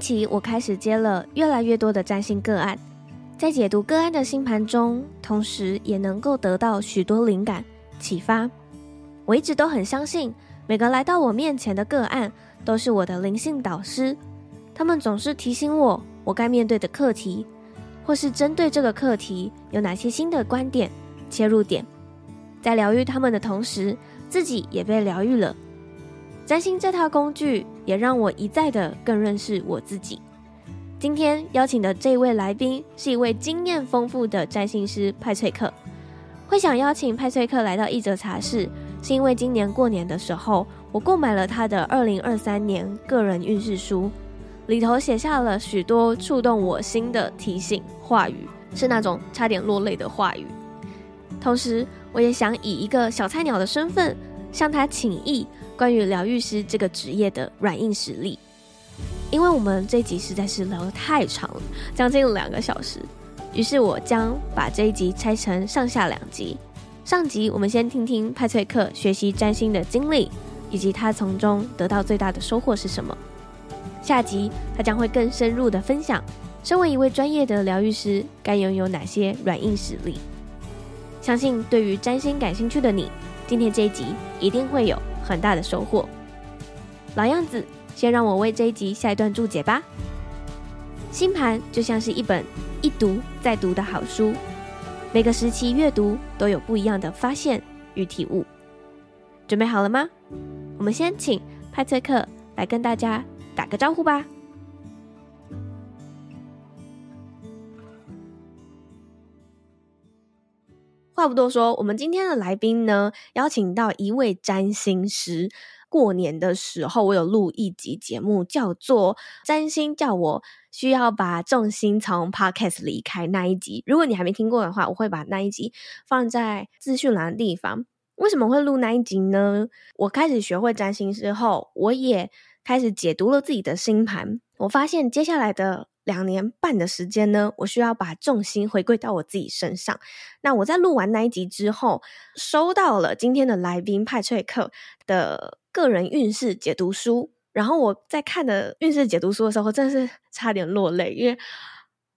期，我開始接了越來越多的占星個案，在解讀個案的星盤中，同時也能夠得到許多靈感啟發。我一直都很相信，每個來到我面前的個案都是我的靈性導師，他們總是提醒我，我該面對的課題，或是針對這個課題，有哪些新的觀點切入點。在療癒他們的同時，自己也被療癒了。占星這套工具也讓我一再的更認識我自己。今天邀請的這位來賓是一位經驗豐富的占星師派翠克。會想邀請派翠克來到一則茶室，是因為今年過年的時候，我購買了他的二零二三年個人運勢書，裡頭寫下了許多觸動我心的提醒話語，是那種差點落淚的話語。同時，我也想以一個小菜鳥的身份向他請益。關於療癒師這個職業的軟硬實力，因為我們這一集實在是聊得太長了，將近兩個小時，於是我將把這一集拆成上下兩集。上集我們先聽聽派翠克學習占星的經歷，以及他從中得到最大的收穫是什麼。下集他將會更深入的分享，身為一位專業的療癒師該擁有哪些軟硬實力。相信對於占星感興趣的你，今天這一集一定會有。很大的收穫。老樣子，先讓我為這一集下一段注解吧。星盤就像是一本一讀再讀的好書，每個時期閱讀都有不一樣的發現與體悟。準備好了嗎？我們先請派翠克來跟大家打個招呼吧。話不多說，我們今天的來賓呢，邀請到一位占星師。過年的時候，我有錄一集節目，叫做《占星叫我需要把重心從 Podcast 離開》那一集。如果你還沒聽過的話，我會把那一集放在資訊欄的地方。為什麼會錄那一集呢？我開始學會占星之後，我也開始解讀了自己的星盤。我發現接下來的兩年半的時間呢，我需要把重心回歸到我自己身上。那我在錄完那一集之後，收到了今天的來賓派翠克的個人運勢解讀書。然後我在看的運勢解讀書的時候，真的是差點落淚，因為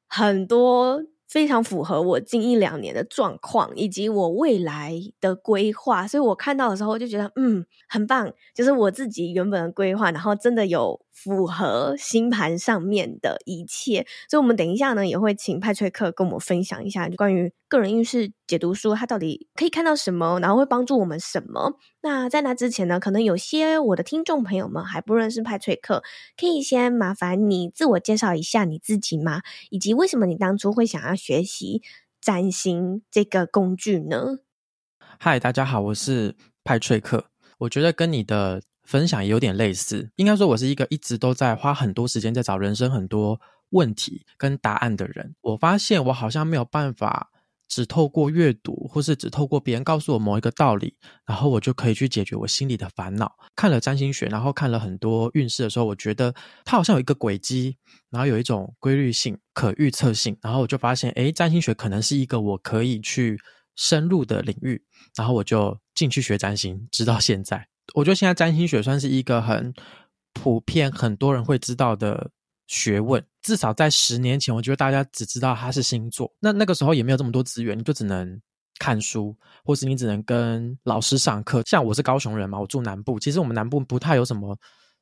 很多非常符合我近一兩年的狀況，以及我未來的規劃。所以我看到的時候就覺得，嗯，很棒，就是我自己原本的規劃，然後真的有。符合星盤上面的一切，所以我們等一下呢也會請派崔克跟我們分享一下，就關於個人運勢解讀書，它到底可以看到什麼，然後會幫助我們什麼？那在那之前呢，可能有些我的聽眾朋友們還不認識派崔克，可以先麻煩你自我介紹一下你自己嗎？以及為什麼你當初會想要學習占星這個工具呢？嗨，大家好，我是派崔克。我覺得跟你的。分享也有點類似，應該說我是一個一直都在花很多時間在找人生很多問題跟答案的人。我發現我好像沒有辦法只透過閱讀，或是只透過別人告訴我某一個道理，然後我就可以去解決我心裡的煩惱。看了占星學，然後看了很多運勢的時候，我覺得它好像有一個軌跡，然後有一種規律性、可預測性，然後我就發現，誒、欸，占星學可能是一個我可以去深入的領域，然後我就進去學占星，直到現在。我覺得現在占星學算是一個很普遍，很多人會知道的學問。至少在十年前，我覺得大家只知道它是星座。那那個時候也沒有這麼多資源，你就只能看書，或是你只能跟老師上課。像我是高雄人嘛，我住南部，其實我們南部不太有什麼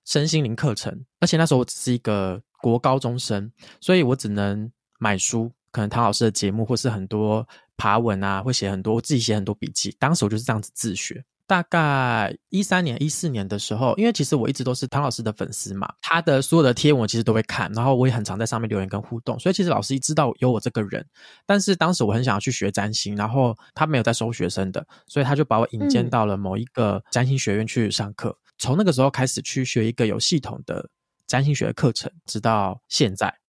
身心靈課程。而且那時候我只是一個國高中生，所以我只能買書，可能唐老師的節目，或是很多爬文啊，會寫很多，我自己寫很多筆記。當時我就是這樣子自學。大概一三年、一四年的時候，因為其實我一直都是唐老師的粉絲嘛，他的所有的貼文我其實都會看，然後我也很常在上面留言跟互動，所以其實老師一知道有我這個人，但是當時我很想要去學占星，然後他沒有在收學生的，所以他就把我引薦到了某一個占星學院去上課，嗯、從那個時候開始去學一個有系統的占星學課程，直到現在。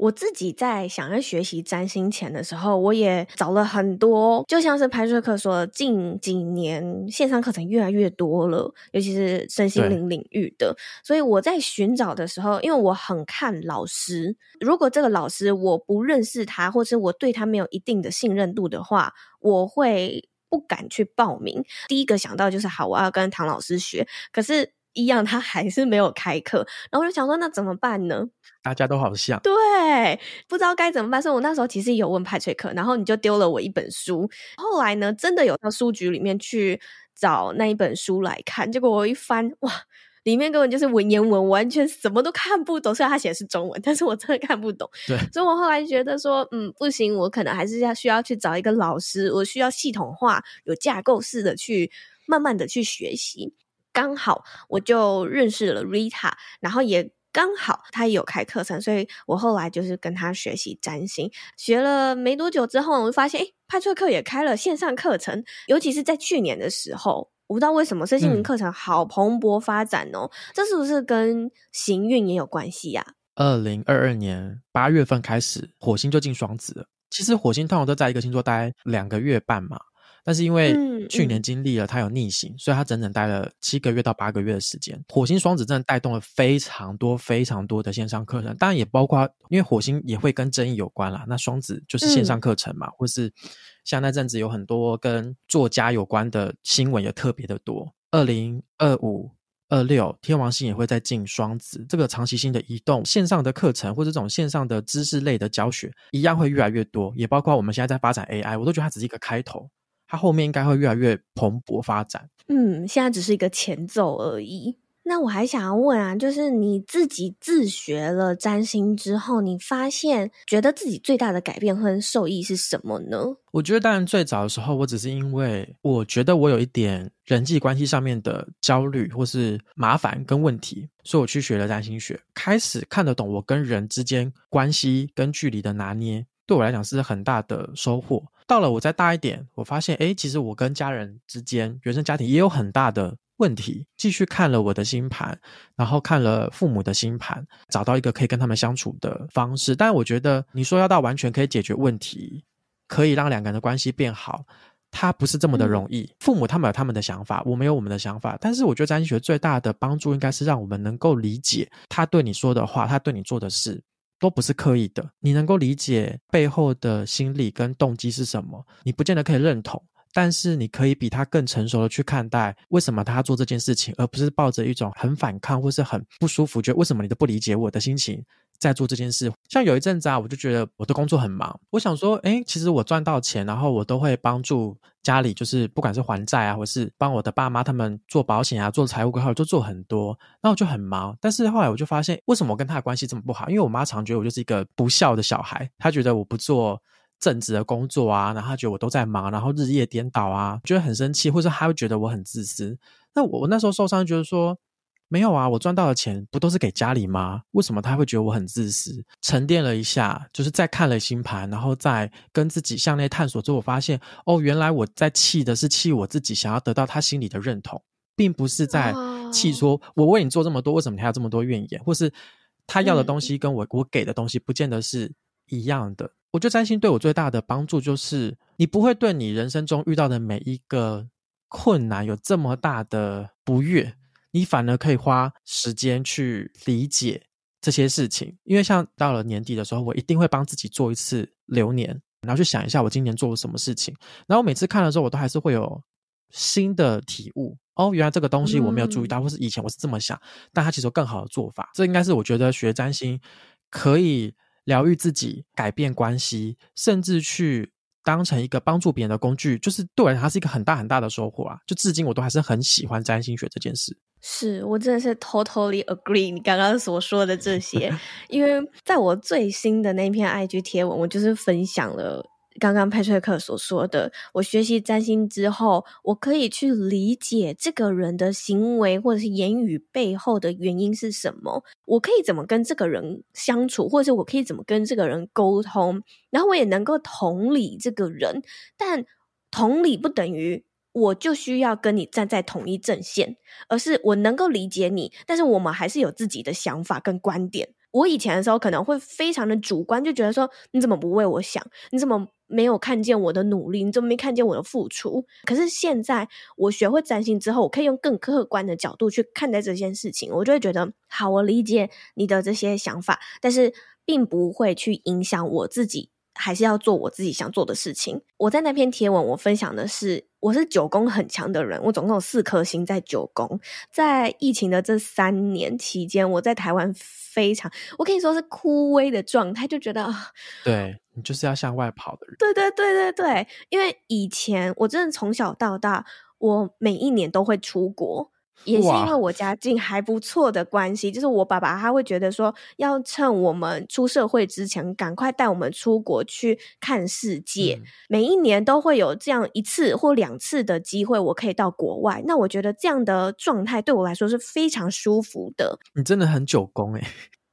我自己在想要學習占星前的時候，我也找了很多，就像是 Patrick 說近幾年線上課程越來越多了，尤其是身心靈領域的。對所以我在尋找的時候，因為我很看老師，如果這個老師我不認識他，或是我對他沒有一定的信任度的話，我會不敢去報名。第一個想到就是好，我要跟唐老師學，可是一樣，他還是沒有開課，然後我就想說，那怎麼辦呢？大家都好像對，不知道該怎麼辦。所以我那時候其實有問派崔克，然後你就丟了我一本書。後來呢，真的有到書局裡面去找那一本書來看。結果我一翻，哇，裡面根本就是文言文，完全什麼都看不懂。雖然他寫的是中文，但是我真的看不懂。對所以我後來覺得說，嗯，不行，我可能還是要需要去找一個老師，我需要系統化、有架構式的去慢慢的去學習。剛好我就認識了 Rita，然後也剛好他也有開課程，所以我後來就是跟他學習占星。學了沒多久之後，我就發現，哎，派翠克也開了線上課程，尤其是在去年的時候，我不知道為什麼身心靈課程好蓬勃發展哦，嗯、這是不是跟行運也有關係呀、啊？二零二二年八月份開始，火星就進雙子了。其實火星通常都在一個星座待兩個月半嘛。但是因為去年經歷了它，有逆行，嗯嗯、所以它整整待了七個月到八個月的時間。火星雙子真的帶動了非常多非常多的線上課程，當然也包括因為火星也會跟爭議有關啦，那雙子就是線上課程嘛，嗯、或是像那陣子有很多跟作家有關的新聞也特別的多。二零二五二六，天王星也會再進雙子，這個長期性的移動，線上的課程或這種線上的知識類的教學一樣會越來越多，也包括我們現在在發展 AI，我都覺得它只是一個開頭。它後面應該會越來越蓬勃發展。嗯，現在只是一個前奏而已。那我還想要問啊，就是你自己自學了占星之後，你發現覺得自己最大的改變和受益是什麼呢？我覺得，當然最早的時候，我只是因為我覺得我有一點人際關係上面的焦慮或是麻煩跟問題，所以我去學了占星學，開始看得懂我跟人之間關係跟距離的拿捏，對我來講是很大的收穫。到了我再大一點，我發現哎，其實我跟家人之間，原生家庭也有很大的問題。繼續看了我的星盤，然後看了父母的星盤，找到一個可以跟他們相處的方式。但我覺得你說要到完全可以解決問題，可以讓兩個人的關係變好，它不是這麼的容易。嗯、父母他們有他們的想法，我們有我們的想法。但是我覺得占星學最大的幫助，應該是讓我們能夠理解他對你說的話，他對你做的事。都不是刻意的，你能夠理解背後的心理跟動機是什麼，你不見得可以認同。但是你可以比他更成熟的去看待為什麼他做這件事情，而不是抱着一種很反抗或是很不舒服，覺得為什麼你都不理解我的心情在做這件事。像有一陣子啊，我就覺得我的工作很忙，我想說，誒，其實我賺到錢，然後我都會幫助家裡，就是不管是還債啊，或是幫我的爸媽他們做保險啊、做財務規劃，都做很多，那我就很忙。但是後來我就發現，為什麼我跟他的關係這麼不好？因為我媽常覺得我就是一個不孝的小孩，她覺得我不做。正職的工作啊，然後他覺得我都在忙，然後日夜顛倒啊，覺得很生氣，或者他會覺得我很自私。那我我那時候受傷，覺得說沒有啊，我賺到的錢不都是給家裡嗎？為什麼他會覺得我很自私？沉澱了一下，就是再看了星盤，然後再跟自己向內探索之後，我發現哦，原來我在氣的是氣我自己，想要得到他心裡的認同，並不是在氣說，哇我為你做這麼多，為什麼你還要這麼多怨言？或是他要的東西跟我、嗯、我給的東西，不見得是一樣的。我覺得占星對我最大的幫助就是，你不會對你人生中遇到的每一個困難有這麼大的不悅，你反而可以花時間去理解這些事情。因為像到了年底的時候，我一定會幫自己做一次流年，然後去想一下我今年做了什麼事情。然後我每次看的時候，我都還是會有新的體悟。哦，原來這個東西我沒有注意到，或是以前我是這麼想，但它其實有更好的做法。這應該是我覺得學占星可以。療癒自己、改變關係，甚至去當成一個幫助別人的工具，就是對我來說，它是一個很大很大的收穫啊！就至今我都還是很喜歡占星學這件事。是我真的是 totally agree 你剛剛所說的這些， 因為在我最新的那一篇 IG 貼文，我就是分享了。剛剛 Patrick 所說的，我學習占星之後，我可以去理解這個人的行為或者是言語背後的原因是什麼，我可以怎麼跟這個人相處，或者是我可以怎麼跟這個人溝通，然後我也能夠同理這個人，但同理不等於我就需要跟你站在同一陣線，而是我能夠理解你，但是我們還是有自己的想法跟觀點。我以前的時候可能會非常的主觀，就覺得說你怎麼不為我想？你怎麼沒有看見我的努力？你怎麼沒看見我的付出？可是現在我學會占星之後，我可以用更客觀的角度去看待這件事情，我就會覺得好，我理解你的這些想法，但是並不會去影響我自己。還是要做我自己想做的事情。我在那篇帖文，我分享的是，我是九宮很強的人，我總共有四顆星在九宮。在疫情的這三年期間，我在台灣非常，我可以說是枯萎的狀態，就覺得。對，你就是要向外跑的人。對對對對對，因為以前我真的從小到大，我每一年都會出國。也是因為我家境還不錯的關係，哇就是我爸爸他會覺得說，要趁我們出社會之前，趕快帶我們出國去看世界。嗯、每一年都會有這樣一次或兩次的機會，我可以到國外。那我覺得這樣的狀態對我來說是非常舒服的。你真的很九宮誒、欸、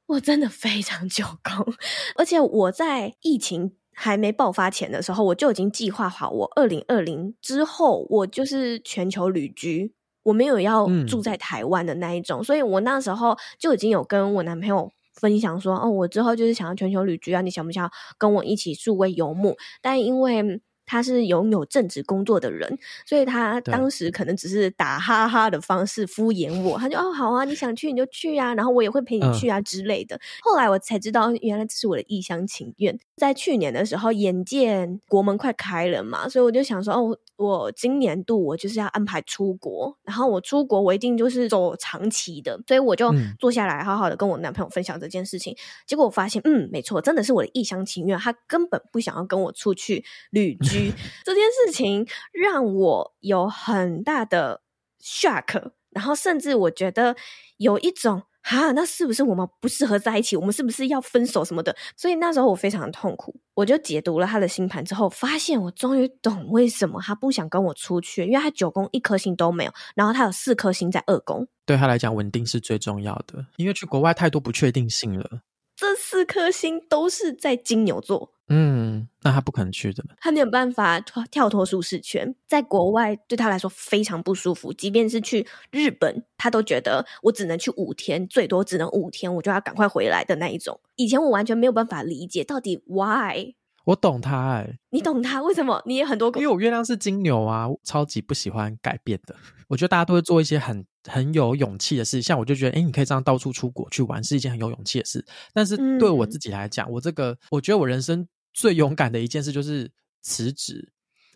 我真的非常九宮，而且我在疫情還沒爆發前的時候，我就已經計劃好我，我二零二零之後，我就是全球旅居。我沒有要住在台灣的那一種，嗯、所以我那時候就已經有跟我男朋友分享說：“哦，我之後就是想要全球旅居啊，你想不想要跟我一起數位遊牧？”但因為他是擁有正職工作的人，所以他當時可能只是打哈哈的方式敷衍我，對他就：“哦，好啊，你想去你就去啊，然後我也會陪你去啊之類的。嗯”後來我才知道，原來這是我的一廂情願。在去年的時候，眼見國門快開了嘛，所以我就想說：“哦。”我今年度我就是要安排出國，然後我出國我一定就是走長期的，所以我就坐下來好好的跟我男朋友分享這件事情，嗯、結果我發現，嗯，沒錯，真的是我的一廂情願，他根本不想要跟我出去旅居， 這件事情讓我有很大的 shock，然後甚至我覺得有一種。啊，那是不是我們不適合在一起？我們是不是要分手什麼的？所以那時候我非常的痛苦，我就解讀了他的星盤之後，發現我終於懂為什麼他不想跟我出去，因為他九宮一顆星都沒有，然後他有四顆星在二宮。對他來講，穩定是最重要的，因為去國外太多不確定性了。這四顆星都是在金牛座。嗯，那他不可能去的。他沒有辦法跳脫舒適圈，在國外對他來說非常不舒服。即便是去日本，他都覺得我只能去五天，最多只能五天，我就要趕快回來的那一種。以前我完全沒有辦法理解，到底 why？我懂他、欸，哎，你懂他為什麼？你也很多，因為我月亮是金牛啊，超級不喜歡改變的。我覺得大家都會做一些很很有勇氣的事，像我就覺得，哎、欸，你可以這樣到處出國去玩，是一件很有勇氣的事。但是對我自己來講，嗯、我這個我覺得我人生。最勇敢的一件事就是辭職，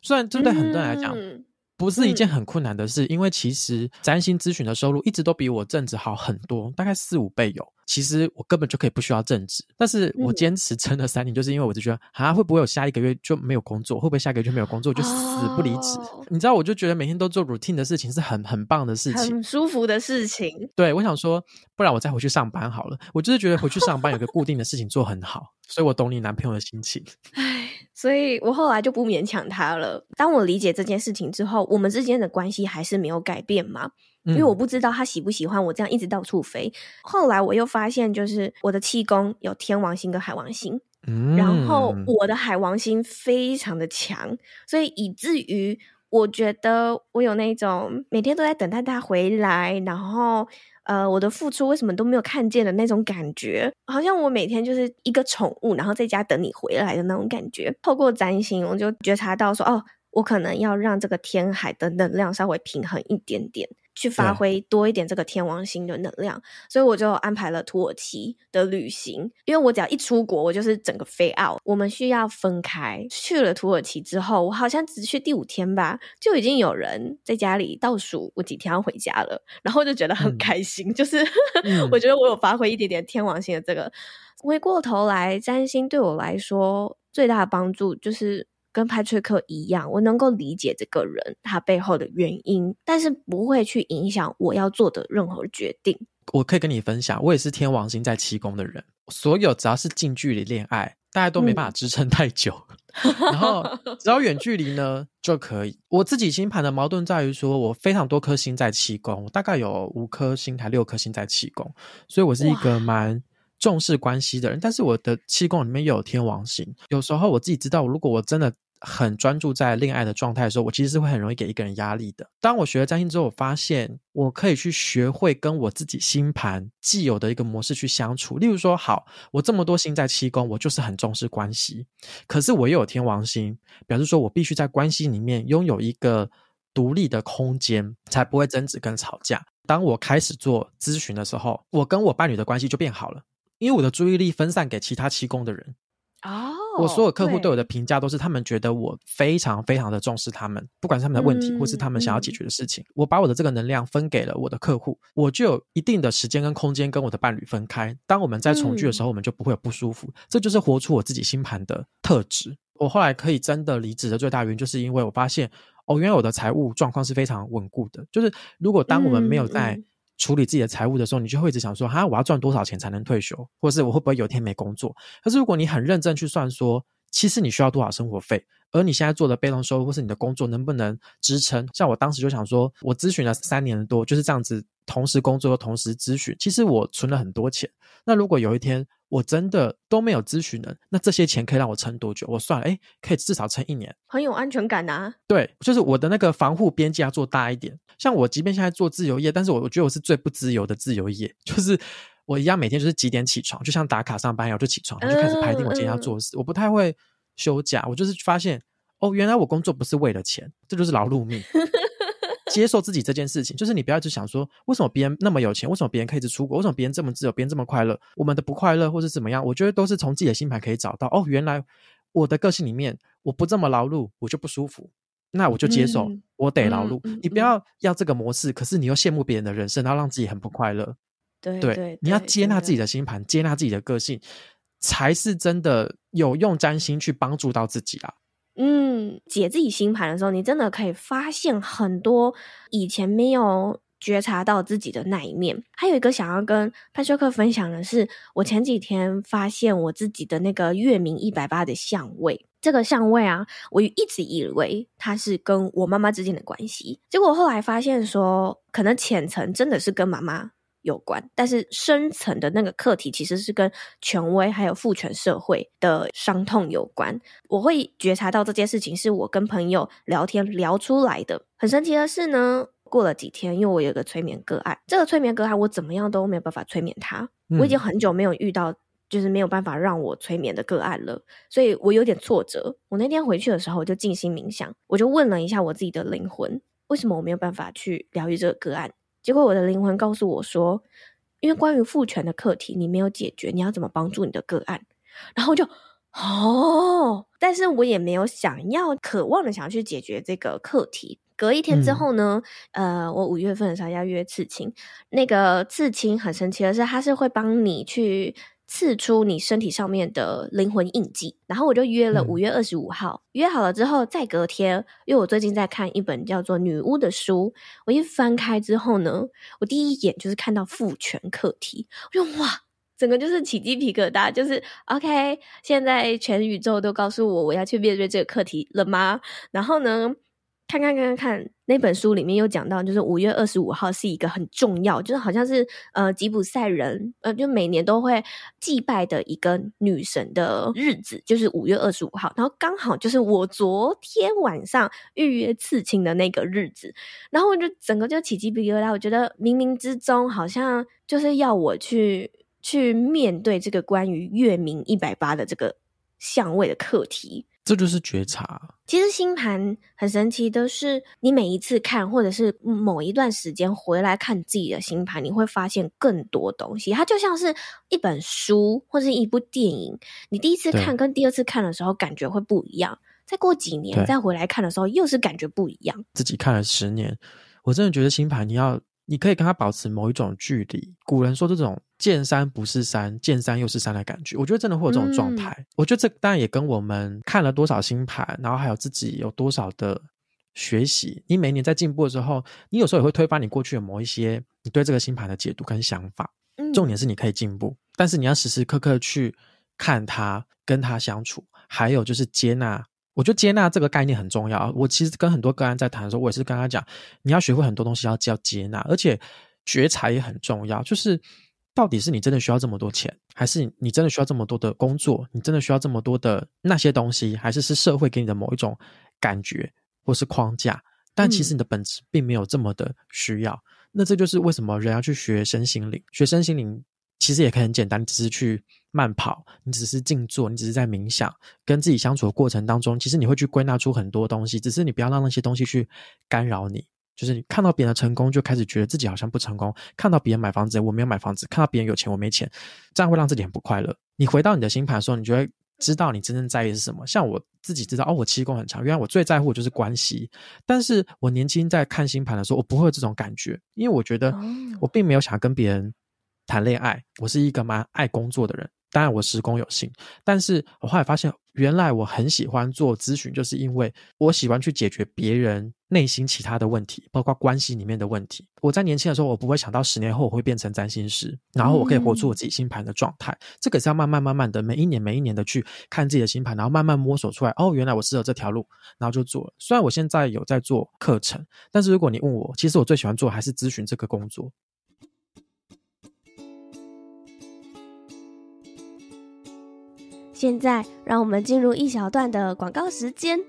雖然這對很多人來講、嗯、不是一件很困難的事，嗯、因為其實占星諮詢的收入一直都比我正職好很多，大概四五倍有。其實我根本就可以不需要正職，但是我堅持撐了三年，就是因為我就覺得、嗯、啊，會不會有下一個月就沒有工作？會不會下個月就沒有工作？就死不離職。哦、你知道，我就覺得每天都做 routine 的事情是很很棒的事情，很舒服的事情。對，我想說，不然我再回去上班好了。我就是覺得回去上班有個固定的事情做很好。 所以我懂你男朋友的心情，唉，所以我後來就不勉強他了。當我理解這件事情之後，我們之間的關係還是沒有改變嘛？嗯、因為我不知道他喜不喜歡我這樣一直到處飛。後來我又發現，就是我的七宮有天王星跟海王星，嗯、然後我的海王星非常的強，所以以至於我覺得我有那種每天都在等待他回來，然後。呃，我的付出為什麼都沒有看見的那種感覺，好像我每天就是一個寵物，然後在家等你回來的那種感覺。透過占星，我就覺察到說，哦，我可能要讓這個天海的能量稍微平衡一點點。去發揮多一點這個天王星的能量，對所以我就安排了土耳其的旅行。因為我只要一出國，我就是整個飛 out。我們需要分開。去了土耳其之後，我好像只去第五天吧，就已經有人在家裡倒數，我幾天要回家了，然後就覺得很開心。嗯、就是 我覺得我有發揮一點點天王星的這個。回過頭來，占星對我來說最大的幫助就是。跟 Patrick 一樣，我能夠理解這個人他背後的原因，但是不會去影響我要做的任何決定。我可以跟你分享，我也是天王星在七宮的人，所有只要是近距離戀愛，大家都沒辦法支撐太久，嗯、 然後只要遠距離呢就可以。我自己星盤的矛盾在於說，說我非常多顆星在七宮，我大概有五顆星還六顆星在七宮，所以我是一個蠻重視關係的人，但是我的七宮裡面也有天王星，有時候我自己知道，如果我真的很專注在戀愛的狀態的時候，我其實是會很容易給一個人壓力的。當我學了占星之後，我發現我可以去學會跟我自己星盤既有的一個模式去相處。例如說，好，我這麼多星在七宮，我就是很重視關係，可是我又有天王星，表示說我必須在關係裡面擁有一個獨立的空間，才不會爭執跟吵架。當我開始做諮詢的時候，我跟我伴侶的關係就變好了。因為我的注意力分散給其他七宮的人，哦，oh, 我所有客戶對我的評價都是他們覺得我非常非常的重視他們，對不管是他們的問題，或是他們想要解決的事情，嗯嗯、我把我的這個能量分給了我的客戶，我就有一定的時間跟空間跟我的伴侶分開。當我們在重聚的時候，我們就不會有不舒服。嗯、這就是活出我自己星盤的特質。我後來可以真的離職的最大原因，就是因為我發現，哦，原來我的財務狀況是非常穩固的。就是如果當我們沒有在、嗯嗯處理自己的財務的時候，你就會一直想說：“哈、啊，我要賺多少錢才能退休？或是我會不會有一天沒工作？”可是如果你很認真去算說，說其實你需要多少生活費，而你現在做的被動收入或是你的工作能不能支撐？像我當時就想說，我諮詢了三年多，就是這樣子同時工作又同時諮詢，其實我存了很多錢。那如果有一天，我真的都沒有諮詢人，那這些錢可以讓我撐多久？我算了，哎，可以至少撐一年，很有安全感吶、啊。對，就是我的那個防護邊界要做大一點。像我，即便現在做自由業，但是我我覺得我是最不自由的自由業，就是我一樣每天就是幾點起床，就像打卡上班一樣我就起床，然後就開始排定我今天要做的事。嗯、我不太會休假，我就是發現哦，原來我工作不是為了錢，這就是勞碌命。 接受自己這件事情，就是你不要去想說，為什麼別人那麼有錢，為什麼別人可以一直出國，為什麼別人這麼自由，別人這麼快樂，我們的不快樂或是怎麼樣，我覺得都是從自己的星盤可以找到。哦，原來我的個性裡面，我不這麼勞碌，我就不舒服，那我就接受，嗯、我得勞碌。嗯嗯嗯、你不要要這個模式，可是你又羨慕別人的人生，然後讓自己很不快樂。對對，對你要接納自己的星盤，接納自己的個性，才是真的有用占星去幫助到自己啊。嗯，解自己星盤的時候，你真的可以發現很多以前沒有覺察到自己的那一面。還有一個想要跟 Patrick 分享的是，我前幾天發現我自己的那個月冥一百八的相位，這個相位啊，我一直以為它是跟我媽媽之間的關係，結果後來發現說，可能淺層真的是跟媽媽。有關，但是深層的那個課題其實是跟權威還有父權社會的傷痛有關。我會覺察到這件事情是我跟朋友聊天聊出來的。很神奇的是呢，過了幾天，因為我有個催眠個案，這個催眠個案我怎麼樣都沒有辦法催眠他。嗯、我已經很久沒有遇到就是沒有辦法讓我催眠的個案了，所以我有點挫折。我那天回去的時候，我就靜心冥想，我就問了一下我自己的靈魂，為什麼我沒有辦法去療癒這個個案？結果我的靈魂告訴我說，因為關於父權的課題你沒有解決，你要怎麼幫助你的個案？然後就哦，但是我也沒有想要渴望的想要去解決這個課題。隔一天之後呢，嗯、呃，我五月份的時候要約刺青，那個刺青很神奇的是，他是會幫你去。刺出你身體上面的靈魂印記，然後我就約了五月二十五號。嗯、約好了之後，再隔天，因為我最近在看一本叫做《女巫》的書，我一翻開之後呢，我第一眼就是看到父權課題，我就哇，整個就是起雞皮疙瘩，就是 OK，現在全宇宙都告訴我我要去面對這個課題了嗎？然後呢，看看看看看，那本書裡面，有講到，就是五月二十五號是一個很重要，就是好像是呃吉普賽人呃，就每年都會祭拜的一個女神的日子，就是五月二十五號。然後剛好就是我昨天晚上預約刺青的那個日子，然後我就整個就起雞皮疙瘩。我覺得冥冥之中好像就是要我去去面對這個關於月冥一百八的這個相位的課題。這就是覺察。其實星盤很神奇的是，你每一次看，或者是某一段時間回來看自己的星盤，你會發現更多東西。它就像是一本書或是一部電影，你第一次看跟第二次看的時候感覺會不一樣。對再過幾年對再回來看的時候又是感覺不一樣。自己看了十年，我真的覺得星盤你要，你可以跟他保持某一種距離。古人說這種。見山不是山，見山又是山的感覺，我覺得真的會有這種狀態。嗯、我覺得這當然也跟我們看了多少星盤，然後還有自己有多少的學習。你每年在進步的時候，你有時候也會推翻你過去有某一些你對這個星盤的解讀跟想法。重點是你可以進步，嗯、但是你要時時刻刻去看它、跟它相處，還有就是接納。我覺得接納這個概念很重要。我其實跟很多個案在談的時候，我也是跟他講，你要學會很多東西，要要接納，而且覺察也很重要，就是。到底是你真的需要這麼多錢，還是你真的需要這麼多的工作？你真的需要這麼多的那些東西，還是是社會給你的某一種感覺，或是框架？但其實你的本質並沒有這麼的需要。嗯。那這就是為什麼人要去學身心靈，學身心靈其實也可以很簡單，你只是去慢跑，你只是靜坐，你只是在冥想，跟自己相處的過程當中，其實你會去歸納出很多東西，只是你不要讓那些東西去干擾你。就是你看到別人的成功，就開始覺得自己好像不成功；看到別人買房子，我沒有買房子；看到別人有錢，我沒錢，這樣會讓自己很不快樂。你回到你的星盤的時候，你就會知道你真正在意是什麼。像我自己知道，哦，我七宮很強，原來我最在乎就是關係。但是我年輕在看星盤的時候，我不會有這種感覺，因為我覺得我並沒有想要跟別人談戀愛。我是一個蠻愛工作的人，當然我十宮有幸，但是我後來發現。原來我很喜歡做諮詢，就是因為我喜歡去解決別人內心其他的問題，包括關係裡面的問題。我在年輕的時候，我不會想到十年後我會變成占星師，然後我可以活出我自己星盤的狀態。Okay. 這個是要慢慢慢慢的，每一年每一年的去看自己的星盤，然後慢慢摸索出來。哦，原來我適合這條路，然後就做了。雖然我現在有在做課程，但是如果你問我，其實我最喜歡做的還是諮詢這個工作。現在讓我們進入一小段的廣告時間。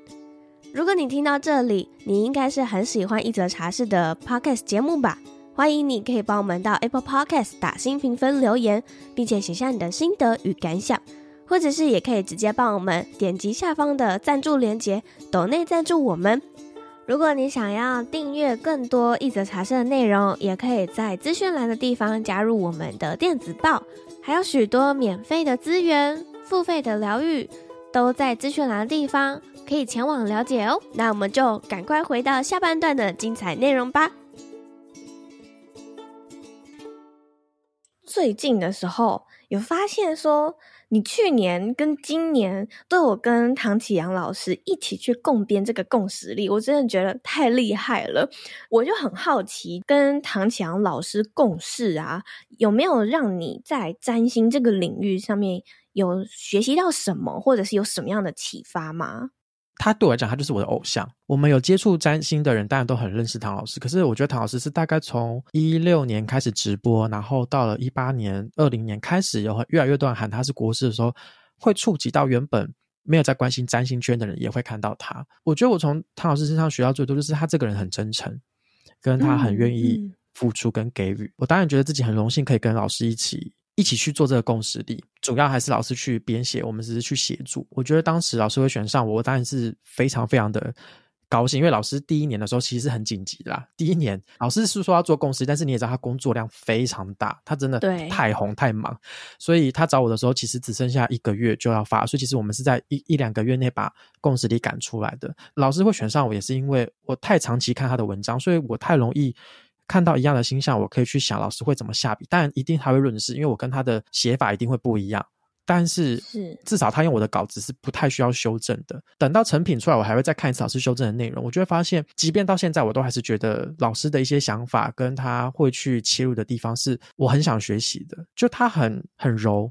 如果你聽到這裡，你應該是很喜歡一則茶室的 Podcast 節目吧？歡迎你可以幫我們到 Apple Podcast 打星評分留言，並且寫下你的心得與感想，或者是也可以直接幫我們點擊下方的贊助鏈接，斗內贊助我們。如果你想要訂閱更多一則茶室的內容，也可以在資訊欄的地方加入我們的電子報，還有許多免費的資源。付費的療癒都在資訊欄的地方，可以前往了解哦。那我們就趕快回到下半段的精彩內容吧。最近的時候有發現說。你去年跟今年都有跟唐綺陽老師一起去共編這個共時曆，我真的覺得太厲害了。我就很好奇，跟唐綺陽老師共事啊，有沒有讓你在占星這個領域上面有學習到什麼，或者是有什麼樣的啟發嗎？他對我來講，他就是我的偶像。我們有接觸占星的人，當然都很認識唐老師。可是我覺得唐老師是大概從一六年開始直播，然後到了一八年、二零年開始，有越來越多人喊他是國師的時候，會觸及到原本沒有在關心占星圈的人，也會看到他。我覺得我從唐老師身上學到最多，就是他這個人很真誠，跟他很願意付出跟給予。嗯嗯、我當然覺得自己很榮幸可以跟老師一起。一起去做這個共時曆，主要還是老師去編寫，我們只是去協助。我覺得當時老師會選上我，我當然是非常非常的高興，因為老師第一年的時候其實是很緊急啦。第一年老師是說要做共時，但是你也知道他工作量非常大，他真的太紅太忙，所以他找我的時候其實只剩下一個月就要發，所以其實我們是在一一兩個月內把共時曆趕出來的。老師會選上我，也是因為我太長期看他的文章，所以我太容易。看到一樣的星象，我可以去想老師會怎麼下筆，但一定還會潤飾，因為我跟他的寫法一定會不一樣。但是，是至少他用我的稿子是不太需要修正的。等到成品出來，我還會再看一次老師修正的內容，我就會發現，即便到現在，我都還是覺得老師的一些想法跟他會去切入的地方，是我很想學習的。就他很很柔，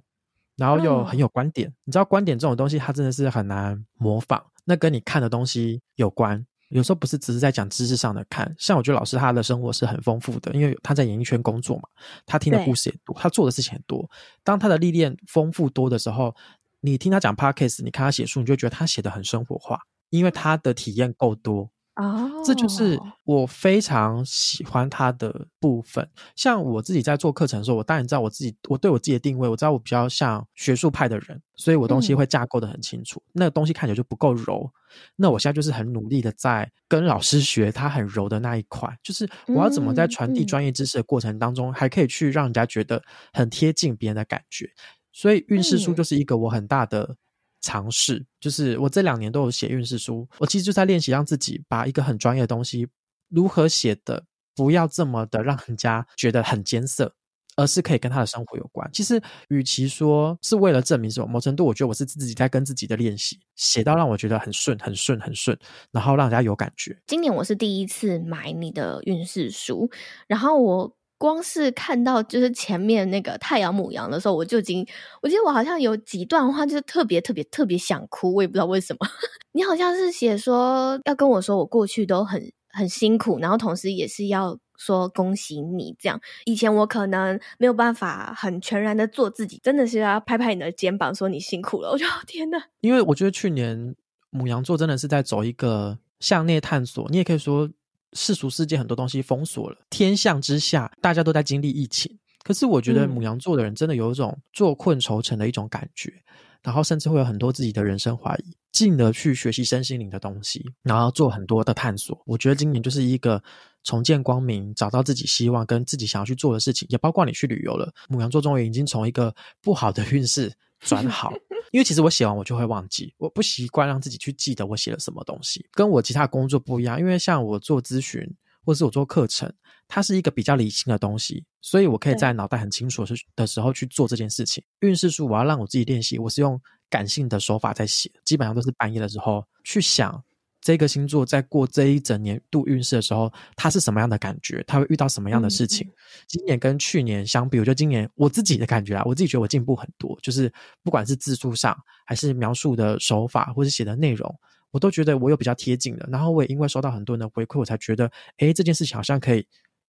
然後又很有觀點。嗯、你知道，觀點這種東西，他真的是很難模仿。那跟你看的東西有關。有時候不是只是在講知識上的看，像我覺得老師他的生活是很豐富的，因為他在演藝圈工作嘛，他聽的故事也多，對他做的事情也多。當他的歷練豐富多的時候，你聽他講 Podcast，你看他寫書，你就覺得他寫的很生活化，因為他的體驗夠多。啊，這就是我非常喜歡他的部分。像我自己在做課程的時候，我當然知道我自己，我對我自己的定位，我知道我比較像學術派的人，所以我東西會架構的很清楚。嗯、那個東西看起來就不夠柔。那我現在就是很努力的在跟老師學他很柔的那一塊。就是我要怎麼在傳遞專業知識的過程當中，還可以去讓人家覺得很貼近別人的感覺。所以運勢書就是一個我很大的。嘗試，就是我這兩年都有寫運勢書，我其實就在練習讓自己把一個很專業的東西如何寫的，不要這麼的讓人家覺得很艱澀，而是可以跟他的生活有關。其實，與其說是為了證明什麼，某程度我覺得我是自己在跟自己的練習，寫到讓我覺得很順，很順，很順，然後讓人家有感覺。今年我是第一次買你的運勢書，然後我。光是看到就是前面那個太陽牡羊的時候，我就已經，我記得我好像有幾段話就是特別特別特別想哭，我也不知道為什麼。 你好像是寫說要跟我說，我過去都很很辛苦，然後同時也是要說恭喜你這樣。以前我可能沒有辦法很全然的做自己，真的是要拍拍你的肩膀說你辛苦了。我就天哪，因為我覺得去年牡羊座真的是在走一個向內探索，你也可以說。世俗世界很多東西封鎖了，天象之下大家都在經歷疫情。可是我覺得牡羊座的人真的有一種坐困愁城的一種感覺，嗯、然後甚至會有很多自己的人生懷疑，進而去學習身心靈的東西，然後做很多的探索。我覺得今年就是一個重見光明，找到自己希望跟自己想要去做的事情，也包括你去旅遊了。牡羊座終於已經從一個不好的運勢轉好，因為其實我寫完我就會忘記，我不習慣讓自己去記得我寫了什麼東西，跟我其他的工作不一樣。因為像我做諮詢或是我做課程，它是一個比較理性的東西，所以我可以在腦袋很清楚的時候，去做這件事情。對運勢書我要讓我自己練習，我是用感性的手法在寫，基本上都是半夜的時候去想。這個星座在過這一整年度運勢的時候，他是什麼樣的感覺？他會遇到什麼樣的事情？嗯、今年跟去年相比，我就今年我自己的感覺啊，我自己覺得我進步很多，就是不管是字數上，還是描述的手法或是寫的內容，我都覺得我有比較貼近的。然後我也因為收到很多人的回饋，我才覺得，哎，這件事情好像可以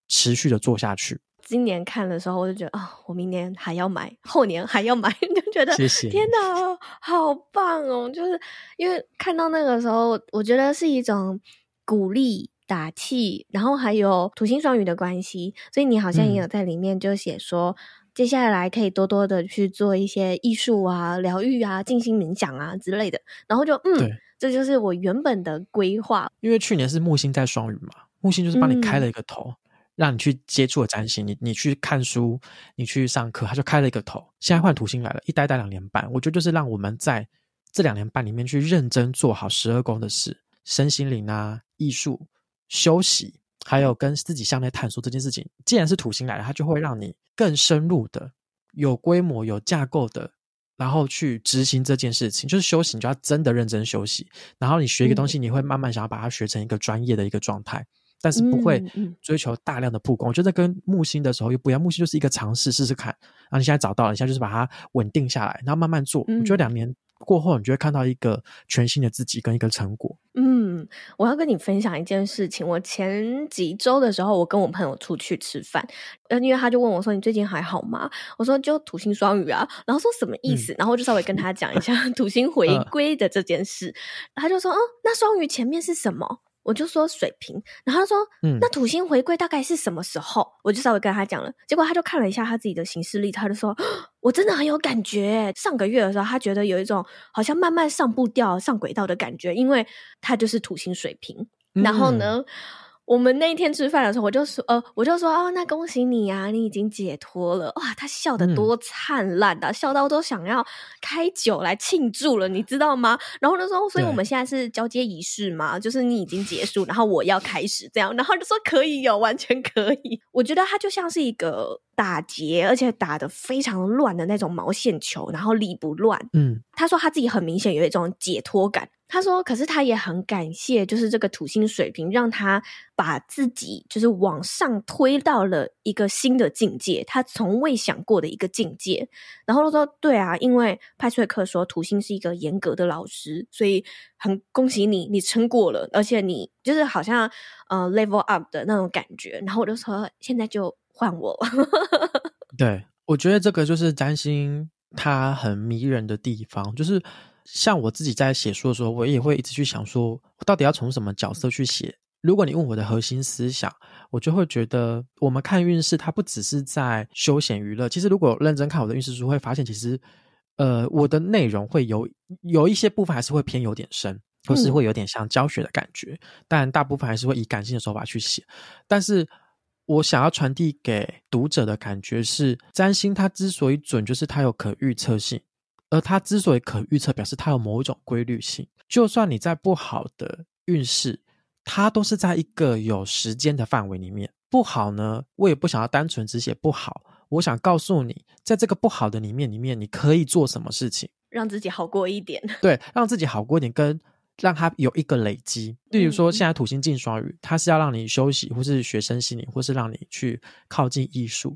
持續的做下去。今年看的時候，我就覺得啊、哦，我明年還要買，後年還要買，就覺得謝謝天吶，好棒哦！就是因為看到那個時候，我覺得是一種鼓勵、打氣，然後還有土星雙魚的關係，所以你好像也有在裡面就寫說，嗯、接下來可以多多的去做一些藝術啊、療癒啊、靜心冥想啊之類的。然後就嗯，對這就是我原本的規劃。因為去年是木星在雙魚嘛，木星就是幫你開了一個頭。嗯讓你去接觸的占星，你你去看書，你去上課，他就開了一個頭。現在換土星來了，一待待兩年半，我覺得就是讓我們在這兩年半裡面去認真做好十二宮的事，身心靈啊、藝術、休息，還有跟自己向內探索這件事情。既然是土星來了，它就會讓你更深入的、有規模、有架構的，然後去執行這件事情。就是休息，你就要真的認真休息，然後你學一個東西，嗯、你會慢慢想要把它學成一個專業的一個狀態。但是不會追求大量的曝光。嗯嗯、我覺得跟木星的時候又不一樣，木星就是一個嘗試，試試看。然後你現在找到了，你現在就是把它穩定下來，然後慢慢做。嗯、我覺得兩年過後，你就會看到一個全新的自己跟一個成果。嗯，我要跟你分享一件事情。我前幾周的時候，我跟我朋友出去吃飯，呃，因為他就問我說：“你最近還好嗎？”我說：“就土星雙魚啊。”然後說：“什麼意思？”嗯、然後我就稍微跟他講一下土星回歸的這件事。嗯、他就說：“嗯，那雙魚前面是什麼？”我就說水瓶，然後他說，嗯，那土星回歸大概是什麼時候？嗯、我就稍微跟他講了，結果他就看了一下他自己的行事曆，他就說，我真的很有感覺。上個月的時候，他覺得有一種好像慢慢上步調、上軌道的感覺，因為他就是土星水瓶，嗯、然後呢。我們那一天吃飯的時候，我就說，呃，我就說，哦，那恭喜你啊，你已經解脫了。哇，他笑得多燦爛的，嗯、笑到都想要開酒來慶祝了，你知道嗎？然後他說，所以我們現在是交接儀式嘛，對就是你已經結束，然後我要開始這樣，然後就說可以有、哦，完全可以。我覺得他就像是一個打結，而且打得非常亂的那種毛線球，然後理不亂，嗯。他說他自己很明顯有一種解脫感。他說：“可是他也很感謝，就是這個土星水平讓他把自己就是往上推到了一個新的境界，他從未想過的一個境界。”然後他說：“對啊，因為 Patrick 說土星是一個嚴格的老師，所以很恭喜你，你撐過了，而且你就是好像呃 level up 的那種感覺。”然後我就說：“現在就換我。 對”對我覺得這個就是占星。它很迷人的地方，就是像我自己在寫書的時候，我也會一直去想說，我到底要從什麼角色去寫。如果你問我的核心思想，我就會覺得，我們看運勢，它不只是在休閒娛樂。其實，如果認真看我的運勢書，會發現，其實，呃，我的內容會有有一些部分還是會偏有點深，或是會有點像教學的感覺。但大部分還是會以感性的手法去寫，但是。我想要傳遞給讀者的感覺是，占星它之所以準，就是它有可預測性；而它之所以可預測，表示它有某一種規律性。就算你在不好的運勢，它都是在一個有時間的範圍裡面。不好呢，我也不想要單純只寫不好，我想告訴你，在這個不好的裡面，裡面你可以做什麼事情，讓自己好過一點。 對，讓自己好過一點跟。讓它有一個累積，例如說現在土星進雙魚，嗯、它是要讓你休息，或是學生心理，或是讓你去靠近藝術，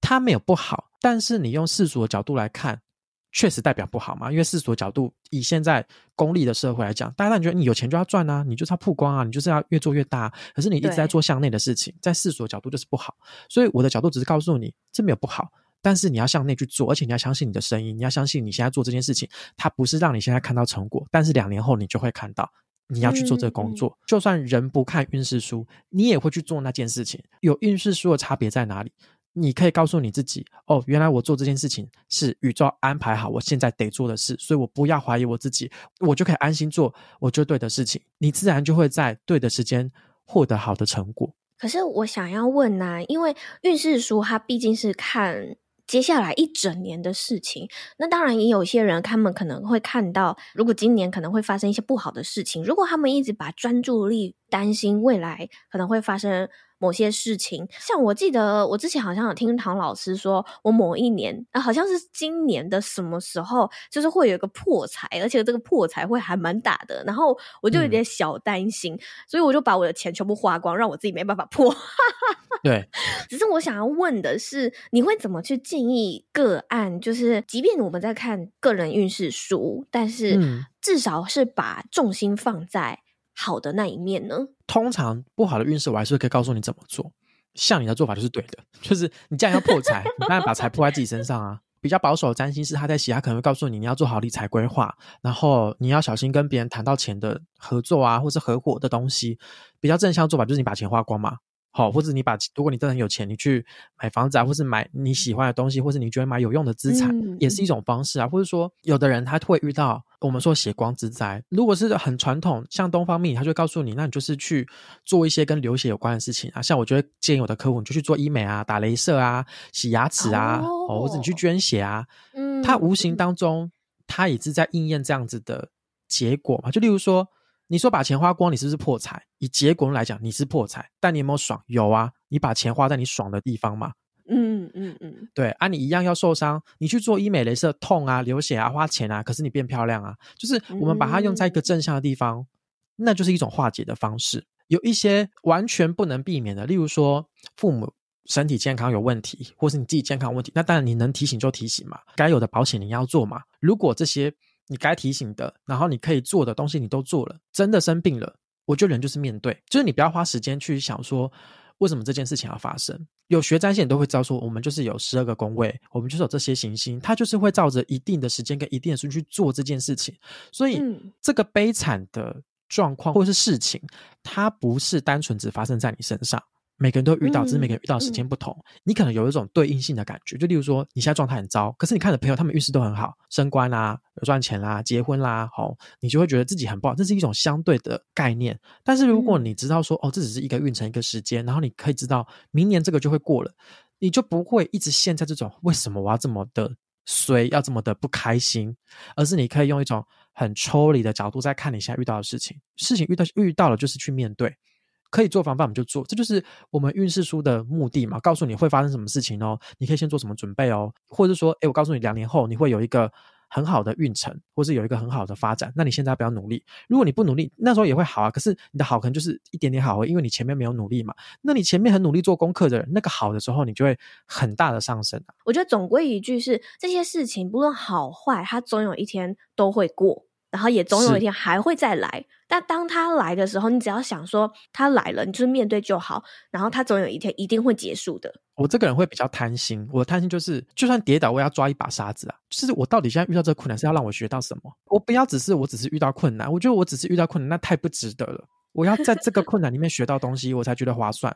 它沒有不好，但是你用世俗的角度來看，確實代表不好嘛？因為世俗的角度，以現在功利的社會來講，大家感覺你有錢就要賺啊，你就是要曝光啊，你就是要越做越大，可是你一直在做向內的事情，對在世俗的角度就是不好，所以我的角度只是告訴你，這沒有不好。但是你要向內去做，而且你要相信你的聲音。你要相信你現在做這件事情，它不是讓你現在看到成果，但是兩年後你就會看到你要去做這個工作。嗯嗯、就算人不看運勢書，你也會去做那件事情。有運勢書的差別在哪裡？你可以告訴你自己：哦，原來我做這件事情是宇宙安排好，我現在得做的事，所以我不要懷疑我自己，我就可以安心做我就對的事情。你自然就會在對的時間獲得好的成果。可是我想要問呢、啊，因為運勢書它畢竟是看。接下來一整年的事情，那當然也有些人，他們可能會看到，如果今年可能會發生一些不好的事情，如果他們一直把專注力擔心未來可能會發生。某些事情，像我記得我之前好像有聽唐老師說，我某一年啊、呃，好像是今年的什麼時候，就是會有一個破財，而且這個破財會還蠻大的，然後我就有點小擔心，嗯、所以我就把我的錢全部花光，讓我自己沒辦法破。哈 哈對。只是我想要問的是，你會怎麼去建議個案？就是即便我們在看個人運勢書，但是至少是把重心放在。好的那一面呢？通常不好的運勢，我還是可以告訴你怎麼做。像你的做法就是對的，就是你既然要破財，你慢慢把財破在自己身上啊。比較保守的占星師，他在其他可能會告訴你，你要做好理財規劃，然後你要小心跟別人談到錢的合作啊，或是合夥的東西。比較正向做法就是你把錢花光嘛。好，或者你把，如果你真的很有錢，你去買房子啊，或是買你喜歡的東西，或是你覺得買有用的資產，嗯、也是一種方式啊。或者說，有的人他會遇到我們說血光之災。如果是很傳統，像東方命，他就告訴你，那你就是去做一些跟流血有關的事情啊。像我覺得建議我的客戶，你就去做醫美啊，打雷射啊，洗牙齒啊，哦，或者你去捐血啊。嗯，他無形當中，他也是在應驗這樣子的結果嘛。就例如說。你說把錢花光，你是不是破財？以結果來講，你是破財，但你有沒有爽？有啊，你把錢花在你爽的地方嘛。嗯嗯嗯，嗯嗯對，啊。你一樣要受傷，你去做醫美、鐳射，痛啊、流血啊、花錢啊，可是你變漂亮啊。就是我們把它用在一個正向的地方，嗯、那就是一種化解的方式。有一些完全不能避免的，例如說父母身體健康有問題，或是你自己健康有問題，那當然你能提醒就提醒嘛，該有的保險你要做嘛。如果這些。你該提醒的，然後你可以做的東西，你都做了。真的生病了，我覺得人就是面對，就是你不要花時間去想說為什麼這件事情要發生。有學占星，都會知道說，我們就是有十二個宮位，我們就是有這些行星，它就是會照着一定的時間跟一定的順序去做這件事情。所以，這個悲慘的狀況或者是事情，它不是單純只發生在你身上。每個人都會遇到，只是每個人遇到的時間不同。你可能有一種對應性的感覺，就例如說，你現在狀態很糟，可是你看的朋友他們運勢都很好，升官啦、啊，有賺錢啦、啊，結婚啦、啊，好，你就會覺得自己很不好。這是一種相對的概念。但是如果你知道說，哦，這只是一個運程，一個時間，然後你可以知道明年這個就會過了，你就不會一直陷在這種為什麼我要這麼的衰，要這麼的不開心，而是你可以用一種很抽離的角度在看你現在遇到的事情。事情遇到遇到了，就是去面對。可以做防範，我們就做，這就是我們運勢書的目的嘛，告訴你會發生什麼事情哦，你可以先做什麼準備哦，或者是說，哎，我告訴你，兩年後你會有一個很好的運程，或是有一個很好的發展，那你現在不要努力，如果你不努力，那時候也會好啊，可是你的好可能就是一點點好哦啊，因為你前面沒有努力嘛，那你前面很努力做功課的人，那個好的時候，你就會很大的上升啊。我覺得總歸一句是，這些事情不論好壞，它總有一天都會過。然後也總有一天還會再來，是但當他來的時候，你只要想說他來了，你就是面對就好。然後他總有一天一定會結束的。我這個人會比較貪心，我的貪心就是，就算跌倒，我也要抓一把沙子啊。就是我到底現在遇到這個困難是要讓我學到什麼？我不要只是，我只是遇到困難，我覺得我只是遇到困難，那太不值得了。我要在這個困難裡面學到東西， 我才覺得划算。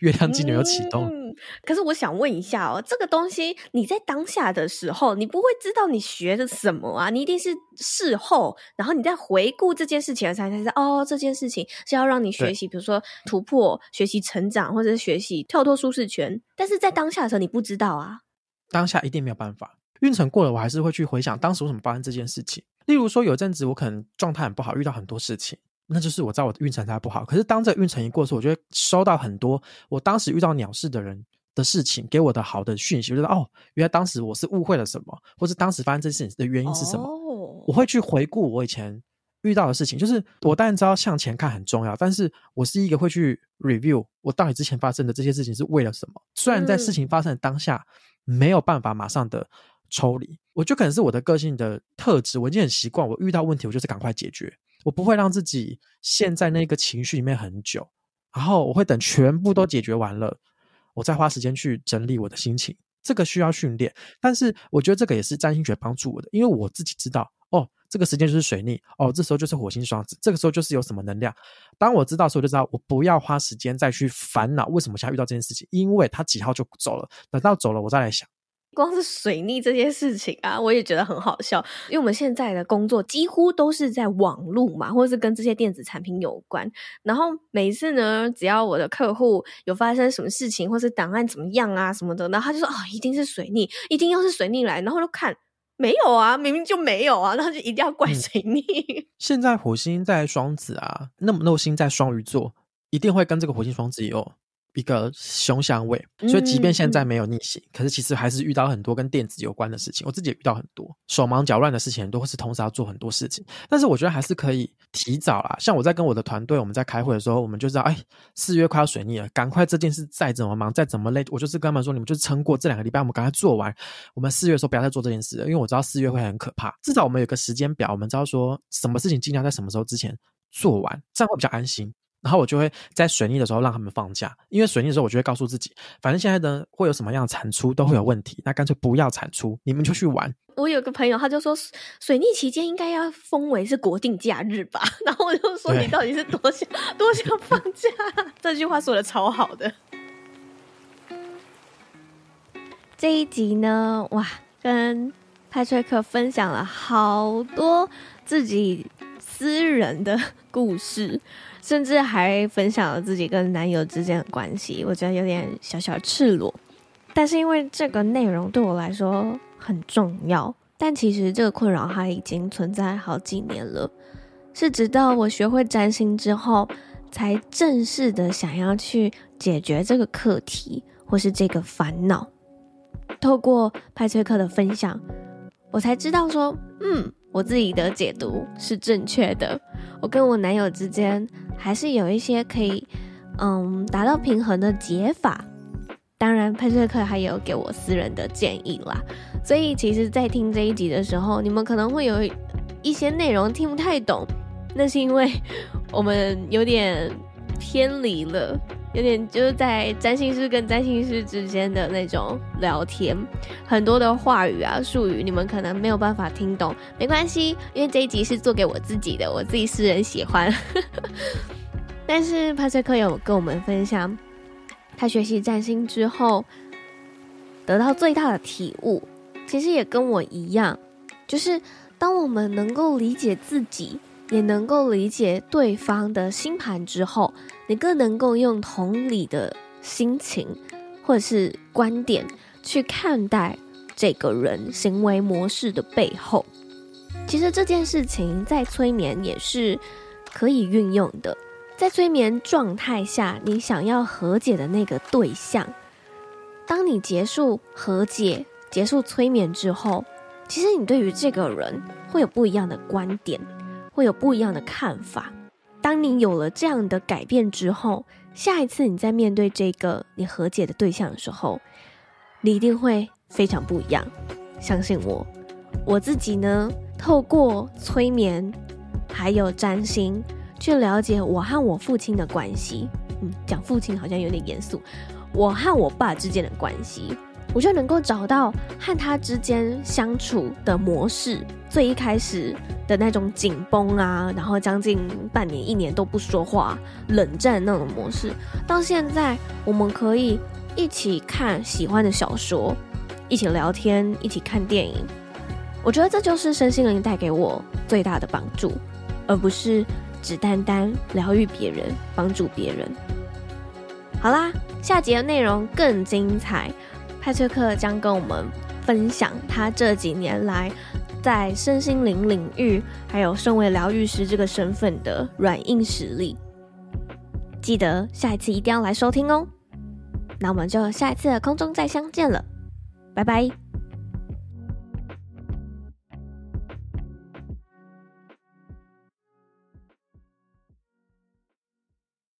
月亮金牛又啟動。嗯，可是我想問一下哦，這個東西你在當下的時候，你不會知道你學的什麼啊？你一定是事後，然後你再回顧這件事情，才才知道哦，這件事情是要讓你學習，對比如說突破、學習成長，或者是學習跳脫舒適圈。但是在當下的時候，你不知道啊。當下一定沒有辦法。運程過了，我還是會去回想當時為什麼發生這件事情。例如說，有陣子我可能狀態很不好，遇到很多事情。那就是我知道我的運程它不好，可是當這運程一過去，我就會收到很多我當時遇到鳥事的人的事情，給我的好的訊息，我覺得哦，原來當時我是誤會了什麼，或是當時發生這件事情的原因是什麼，哦、我會去回顧我以前遇到的事情。就是我當然知道向前看很重要，但是我是一個會去 review 我到底之前發生的這些事情是為了什麼。雖然在事情發生的當下、嗯、沒有辦法馬上的抽離，我覺得可能是我的個性的特質，我已經很習慣，我遇到問題我就是趕快解決。我不會讓自己陷在那個情緒裡面很久，然後我會等全部都解決完了，我再花時間去整理我的心情。這個需要訓練，但是我覺得這個也是占星學幫助我的，因為我自己知道，哦，這個時間就是水逆，哦，這時候就是火星雙子，這個時候就是有什麼能量。當我知道的時候，就知道我不要花時間再去煩惱為什麼現在遇到這件事情，因為他幾號就走了，等到走了我再來想。光是水逆這件事情啊，我也覺得很好笑，因為我們現在的工作幾乎都是在網絡嘛，或者是跟這些電子產品有關。然後每次呢，只要我的客戶有發生什麼事情，或是檔案怎麼樣啊什麼的，然後他就說：“哦，一定是水逆，一定要是水逆來。”然後就看沒有啊，明明就沒有啊，那就一定要怪水逆、嗯。現在火星在雙子啊，那麼木星在雙魚座，一定會跟這個火星雙子也有。一個凶相位，所以即便現在沒有逆行，嗯、可是其實還是遇到很多跟電子有關的事情。我自己也遇到很多手忙腳亂的事情，都會是同時要做很多事情。但是我覺得還是可以提早啦。像我在跟我的團隊，我們在開會的時候，我們就知道，哎，四月快要水逆了，趕快這件事再怎麼忙，再怎麼累，我就是跟他們說，你們就撐過這兩個禮拜，我們趕快做完。我們四月的時候不要再做這件事了，因為我知道四月會很可怕。至少我們有個時間表，我們知道說什麼事情盡量在什麼時候之前做完，這樣會比較安心。然後我就會在水逆的時候讓他們放假，因為水逆的時候，我就會告訴自己，反正現在呢會有什麼樣的產出都會有問題，那乾脆不要產出，你們就去玩。我有個朋友，他就說水逆期間應該要封為是國定假日吧？然後我就說你到底是多想對多想放假？ 這句話說得超好的。這一集呢，哇，跟派翠克分享了好多自己私人的故事。甚至還分享了自己跟男友之間的關係，我覺得有點小小赤裸。但是因為這個內容對我來說很重要，但其實這個困擾它已經存在好幾年了，是直到我學會占星之後，才正式的想要去解決這個課題或是這個煩惱。透過派崔克的分享，我才知道說，嗯。我自己的解讀是正確的，我跟我男友之間還是有一些可以，嗯，達到平衡的解法。當然，Patrick 還有給我私人的建議啦。所以，其實，在聽這一集的時候，你們可能會有一些內容聽不太懂，那是因為我們有點偏離了。有點就是在占星師跟占星師之間的那種聊天，很多的話語啊術語，你們可能沒有辦法聽懂，沒關係，因為這一集是做給我自己的，我自己私人喜歡。 但是帕翠克有跟我們分享，他學習占星之後得到最大的體悟，其實也跟我一樣，就是當我們能夠理解自己。也能夠理解對方的星盤之後，你更能夠用同理的心情或者是觀點去看待這個人行為模式的背後。其實這件事情在催眠也是可以運用的，在催眠狀態下，你想要和解的那個對象，當你結束和解、結束催眠之後，其實你對於這個人會有不一樣的觀點。會有不一樣的看法。當你有了這樣的改變之後，下一次你在面對這個你和解的對象的時候，你一定會非常不一樣。相信我，我自己呢，透過催眠還有占星去了解我和我父親的關係。嗯，講父親好像有點嚴肅，我和我爸之間的關係。我就能夠找到和他之間相處的模式，最一開始的那種緊繃啊，然後將近半年、一年都不說話、冷戰那種模式，到現在我們可以一起看喜歡的小說，一起聊天，一起看電影。我覺得這就是身心靈帶給我最大的幫助，而不是只單單療癒別人、幫助別人。好啦，下集的內容更精彩。派崔克將跟我們分享他這幾年來在身心靈領域，還有身為療癒師這個身份的軟硬實力。記得下一次一定要來收聽哦。那我們就下一次的空中再相見了，拜拜。